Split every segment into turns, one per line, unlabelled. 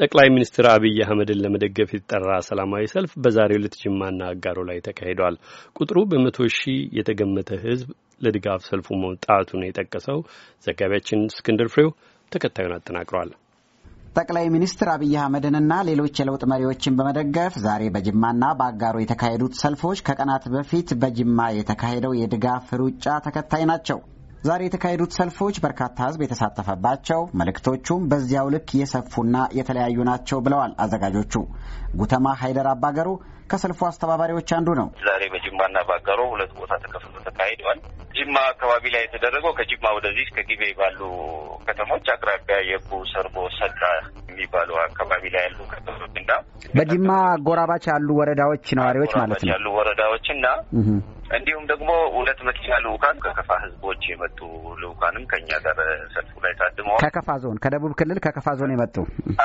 ጠቅላይ ሚኒስትር አብይ አህመድን ለመደገፍ የተጠራ ሰላማዊ ሰልፍ በዛሬው ዕለት ጅማና አጋሮ ላይ ተካሂዷል። ቁጥሩ በመቶ ሺህ የተገመተ ህዝብ ለድጋፍ ሰልፉ መውጣቱን የጠቀሰው ዘጋቢያችን እስክንድር ፍሬው ተከታዩን አጠናቅሯል።
ጠቅላይ ሚኒስትር አብይ አህመድንና ሌሎች የለውጥ መሪዎችን በመደገፍ ዛሬ በጅማና በአጋሮ የተካሄዱት ሰልፎች ከቀናት በፊት በጅማ የተካሄደው የድጋፍ ሩጫ ተከታይ ናቸው። ዛሬ የተካሄዱት ሰልፎች በርካታ ሕዝብ የተሳተፈባቸው መልእክቶቹም በዚያው ልክ የሰፉና የተለያዩ ናቸው ብለዋል አዘጋጆቹ። ጉተማ ሀይደር አባገሩ ከሰልፉ አስተባባሪዎች አንዱ ነው።
ዛሬ በጅማና ባገሮ ሁለት ቦታ ተከፍሎ ተካሂደዋል። ጅማ አካባቢ ላይ የተደረገው ከጅማ ወደዚህ እስከ ጊቤ ባሉ ከተሞች አቅራቢያ የቡ፣ ሰርቦ፣ ሰቃ የሚባሉ አካባቢ ላይ ያሉ ከተሞችና
በጅማ ጎራባች ያሉ ወረዳዎች ነዋሪዎች ማለት ነው ያሉ
ወረዳዎችና እንዲሁም ደግሞ ሁለት መኪና ልኡካን ከከፋ ህዝቦች የመጡ ልኡካንም ከኛ ጋር ሰልፉ ላይ ታድመዋል።
ከከፋ ዞን ከደቡብ ክልል ከከፋ ዞን የመጡ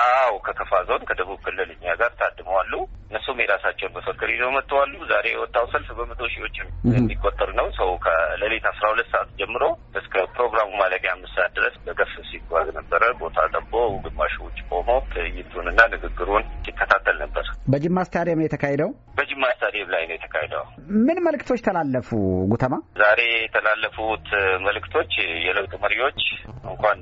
አዎ፣ ከከፋ ዞን ከደቡብ ክልል እኛ ጋር ታድመዋሉ። እነሱም የራሳቸውን መፈክር ይዘው መጥተዋሉ። ዛሬ የወጣው ሰልፍ በመቶ ሺዎች የሚቆጠር ነው። ሰው ከሌሊት አስራ ሁለት ሰዓት ጀምሮ እስከ ፕሮግራሙ ማለቂያ አምስት ሰዓት ድረስ በገፍ ሲጓዝ ነበረ። ቦታ ጠቦ ግማሾች ቆሞ ትዕይንቱንና ንግግሩን ሲከታተል ነበር።
በጅማ ስታዲየም የተካሄደው
በጅ ጅማ ስታዲየም ላይ ነው የተካሄደው።
ምን መልእክቶች ተላለፉ ጉተማ?
ዛሬ የተላለፉት መልእክቶች የለውጥ መሪዎች እንኳን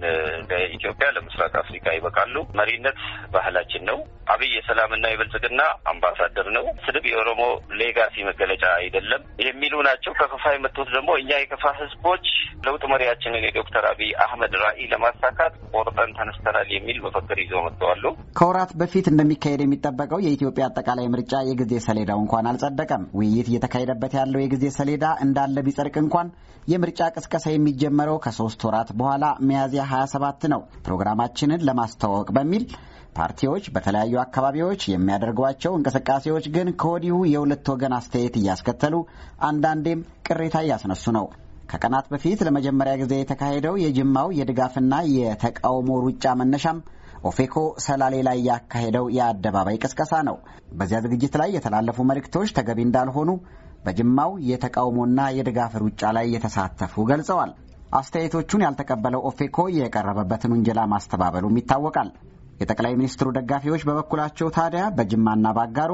ለኢትዮጵያ ለምስራቅ አፍሪካ ይበቃሉ። መሪነት ባህላችን ነው። አብይ የሰላምና የብልጽግና አምባሳደር ነው። ስድብ የኦሮሞ ሌጋሲ መገለጫ አይደለም የሚሉ ናቸው። ከከፋ የመጡት ደግሞ እኛ የከፋ ህዝቦች ለውጥ መሪያችንን የዶክተር አብይ አህመድ ራዕይ ለማሳካት ቆርጠን ተነስተናል የሚል መፈክር ይዘው መጥተዋሉ።
ከወራት በፊት እንደሚካሄድ የሚጠበቀው የኢትዮጵያ አጠቃላይ ምርጫ የጊዜ ሰሌዳው እንኳን አልጸደቀም። ውይይት እየተካሄደበት ያለው የጊዜ ሰሌዳ እንዳለ ቢጸድቅ እንኳን የምርጫ ቅስቀሳ የሚጀመረው ከሶስት ወራት በኋላ ሚያዝያ 27 ነው። ፕሮግራማችንን ለማስተዋወቅ በሚል ፓርቲዎች በተለያዩ አካባቢዎች የሚያደርጓቸው እንቅስቃሴዎች ግን ከወዲሁ የሁለት ወገን አስተያየት እያስከተሉ አንዳንዴም ቅሬታ እያስነሱ ነው። ከቀናት በፊት ለመጀመሪያ ጊዜ የተካሄደው የጅማው የድጋፍና የተቃውሞ ሩጫ መነሻም ኦፌኮ ሰላሌ ላይ ያካሄደው የአደባባይ ቅስቀሳ ነው። በዚያ ዝግጅት ላይ የተላለፉ መልእክቶች ተገቢ እንዳልሆኑ በጅማው የተቃውሞና የድጋፍ ሩጫ ላይ የተሳተፉ ገልጸዋል። አስተያየቶቹን ያልተቀበለው ኦፌኮ የቀረበበትን ውንጀላ ማስተባበሉም ይታወቃል። የጠቅላይ ሚኒስትሩ ደጋፊዎች በበኩላቸው ታዲያ በጅማና ባጋሮ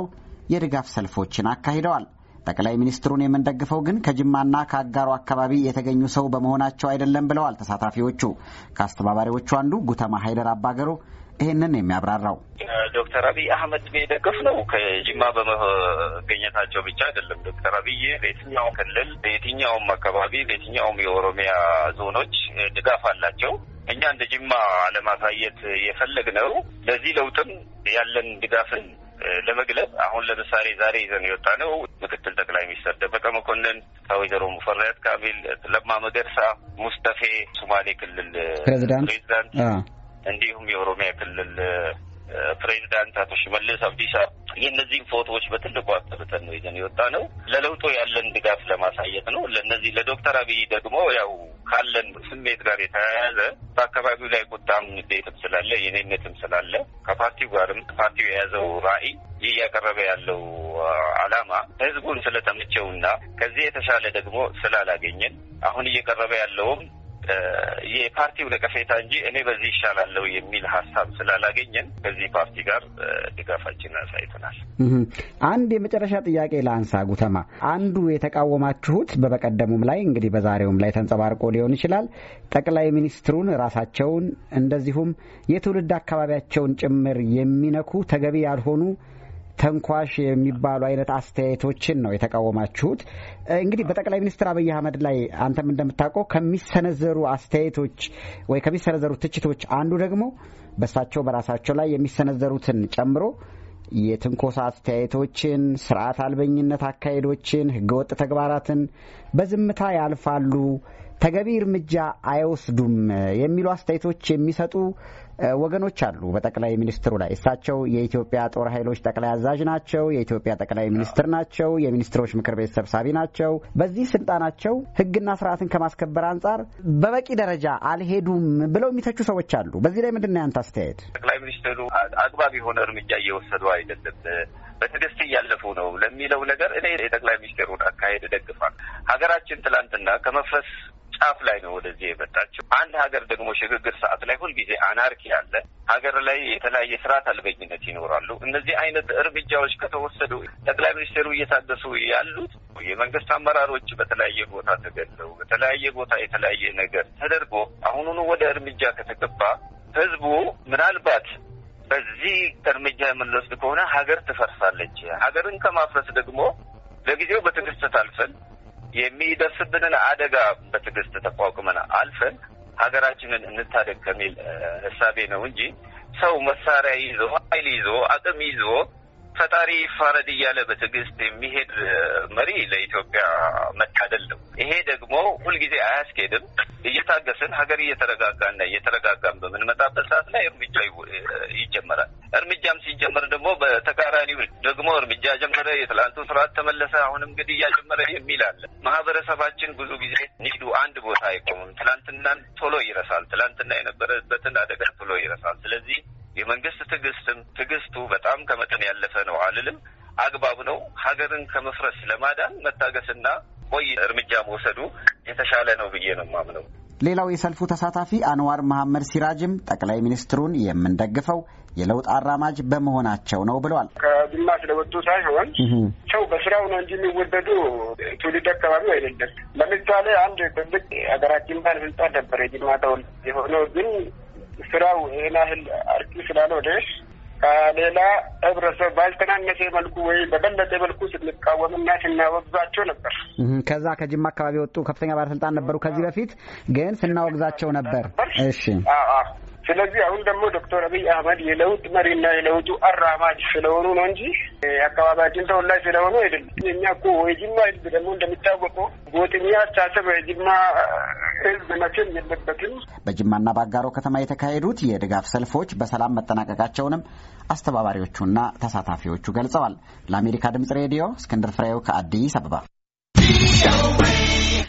የድጋፍ ሰልፎችን አካሂደዋል። ጠቅላይ ሚኒስትሩን የምንደግፈው ግን ከጅማና ከአጋሩ አካባቢ የተገኙ ሰው በመሆናቸው አይደለም ብለዋል ተሳታፊዎቹ። ከአስተባባሪዎቹ አንዱ ጉተማ ሀይደር አባገሩ ይህንን የሚያብራራው
ዶክተር አብይ አህመድ የደገፍ ነው ከጅማ በመገኘታቸው ብቻ አይደለም። ዶክተር አብይ በየትኛውም ክልል፣ በየትኛውም አካባቢ፣ በየትኛውም የኦሮሚያ ዞኖች ድጋፍ አላቸው። እኛ እንደ ጅማ ለማሳየት የፈለግነው ለዚህ ለውጥም ያለን ድጋፍን ለመግለጽ አሁን ለምሳሌ ዛሬ ይዘን የወጣ ነው ምክትል ጠቅላይ ሚኒስትር ደመቀ መኮንን ከወይዘሮ ሙፈሪያት ካሚል፣ ለማ መገርሳ፣ ሙስተፌ ሶማሌ ክልል ፕሬዚዳንት እንዲሁም የኦሮሚያ ክልል ፕሬዚዳንት አቶ ሽመልስ አብዲሳ የእነዚህም ፎቶዎች በትልቁ አጠብጠን ነው ይዘን የወጣ ነው። ለለውጡ ያለን ድጋፍ ለማሳየት ነው። ለእነዚህ ለዶክተር አብይ ደግሞ ያው ካለን ስሜት ጋር የተያያዘ በአካባቢው ላይ ቁጣም ንዴትም ስላለ የኔነትም ስላለ ከፓርቲው ጋርም ፓርቲው የያዘው ራዕይ ይህ እያቀረበ ያለው አላማ ህዝቡን ስለተመቸውና ከዚህ የተሻለ ደግሞ ስላላገኘን አሁን እየቀረበ ያለውም የፓርቲው ነቀፌታ እንጂ እኔ በዚህ ይሻላለሁ የሚል ሀሳብ ስላላገኘን ከዚህ ፓርቲ ጋር ድጋፋችንን
አሳይተናል። አንድ የመጨረሻ ጥያቄ ለአንሳ ጉተማ፣ አንዱ የተቃወማችሁት በበቀደሙም ላይ እንግዲህ በዛሬውም ላይ ተንጸባርቆ ሊሆን ይችላል ጠቅላይ ሚኒስትሩን ራሳቸውን እንደዚሁም የትውልድ አካባቢያቸውን ጭምር የሚነኩ ተገቢ ያልሆኑ ተንኳሽ የሚባሉ አይነት አስተያየቶችን ነው የተቃወማችሁት። እንግዲህ በጠቅላይ ሚኒስትር አብይ አህመድ ላይ አንተም እንደምታውቀው ከሚሰነዘሩ አስተያየቶች ወይ ከሚሰነዘሩ ትችቶች አንዱ ደግሞ በሳቸው በራሳቸው ላይ የሚሰነዘሩትን ጨምሮ የትንኮሳ አስተያየቶችን፣ ስርዓት አልበኝነት አካሄዶችን፣ ህገወጥ ተግባራትን በዝምታ ያልፋሉ ተገቢ እርምጃ አይወስዱም የሚሉ አስተያየቶች የሚሰጡ ወገኖች አሉ። በጠቅላይ ሚኒስትሩ ላይ እሳቸው የኢትዮጵያ ጦር ኃይሎች ጠቅላይ አዛዥ ናቸው፣ የኢትዮጵያ ጠቅላይ ሚኒስትር ናቸው፣ የሚኒስትሮች ምክር ቤት ሰብሳቢ ናቸው። በዚህ ስልጣናቸው ሕግና ስርዓትን ከማስከበር አንጻር በበቂ ደረጃ አልሄዱም ብለው የሚተቹ ሰዎች አሉ። በዚህ ላይ ምንድን ነው ያንተ አስተያየት?
ጠቅላይ ሚኒስትሩ አግባብ የሆነ እርምጃ እየወሰዱ አይደለም፣ በትዕግስት እያለፉ ነው ለሚለው ነገር እኔ የጠቅላይ ሚኒስትሩን አካሄድ እደግፋለሁ። ሀገራችን ትላንትና ከመፍረስ ጫፍ ላይ ነው ወደዚህ የመጣችው። አንድ ሀገር ደግሞ ሽግግር ሰዓት ላይ ሁልጊዜ አናርኪ አለ። ሀገር ላይ የተለያየ ስርዓት አልበኝነት ይኖራሉ። እነዚህ አይነት እርምጃዎች ከተወሰዱ ጠቅላይ ሚኒስትሩ እየታገሱ ያሉት የመንግስት አመራሮች በተለያየ ቦታ ተገለው በተለያየ ቦታ የተለያየ ነገር ተደርጎ አሁኑኑ ወደ እርምጃ ከተገባ ህዝቡ ምናልባት በዚህ እርምጃ የምንወስድ ከሆነ ሀገር ትፈርሳለች። ሀገርን ከማፍረስ ደግሞ ለጊዜው በትዕግስት ታልፈን የሚደርስብንን አደጋ በትዕግስት ተቋቁመን አልፈን ሀገራችንን እንታደግ ከሚል እሳቤ ነው እንጂ ሰው መሳሪያ ይዞ ኃይል ይዞ አቅም ይዞ ፈጣሪ ፈረድ እያለ በትዕግስት የሚሄድ መሪ ለኢትዮጵያ መታደል ነው። ይሄ ደግሞ ሁልጊዜ አያስኬድም። እየታገስን ሀገር እየተረጋጋና እየተረጋጋን በምንመጣበት ሰዓት ላይ እርምጃ ይጀመራል። እርምጃም ሲጀመር ደግሞ በተቃራኒው ደግሞ እርምጃ ጀመረ፣ የትላንቱ ስርዓት ተመለሰ፣ አሁንም ግድያ ጀመረ የሚል አለ። ማህበረሰባችን ብዙ ጊዜ ኒዱ አንድ ቦታ አይቆምም። ትላንትናን ቶሎ ይረሳል። ትላንትና የነበረበትን አደጋ ቶሎ ይረሳል። ስለዚህ የመንግስት ትዕግስትም ትዕግስቱ በጣም ከመጠን ያለፈ ነው አልልም፣ አግባብ ነው። ሀገርን ከመፍረስ ለማዳን መታገስና ቆይ እርምጃ መውሰዱ የተሻለ ነው ብዬ ነው የማምነው።
ሌላው የሰልፉ ተሳታፊ አንዋር መሐመድ ሲራጅም ጠቅላይ ሚኒስትሩን የምንደግፈው የለውጥ አራማጅ በመሆናቸው ነው ብለዋል።
ከግማሽ ስለወጡ ሳይሆን ሰው በስራው ነው እንጂ የሚወደዱ ትውልድ አካባቢው አይደለም። ለምሳሌ አንድ ትልቅ ሀገራችን ባለስልጣን ነበር የጅማ ተወላጅ የሆነው ግን ስራው ይህን ያህል ስላልሆነ ከሌላ ህብረተሰብ ባልተናነሰ መልኩ ወይ
በበለጠ መልኩ ስንቃወምና ስናወግዛቸው ነበር። ከዛ ከጅማ አካባቢ የወጡ ከፍተኛ ባለስልጣን ነበሩ። ከዚህ በፊት ግን ስናወግዛቸው ነበር። እሺ።
ስለዚህ አሁን ደግሞ ዶክተር አብይ አህመድ የለውጥ መሪና የለውጡ አራማጅ ስለሆኑ ነው እንጂ አካባቢያችን ተወላጅ ስለሆኑ አይደለም። የኛ እኮ የጅማ ደግሞ እንደሚታወቀው ጎጥኛ አስተሳሰብ የጅማ ህዝብ መቼም
የለበትም። በጅማና በአጋሮ ከተማ የተካሄዱት የድጋፍ ሰልፎች በሰላም መጠናቀቃቸውንም አስተባባሪዎቹና ተሳታፊዎቹ ገልጸዋል። ለአሜሪካ ድምጽ ሬዲዮ እስክንድር ፍሬው ከአዲስ አበባ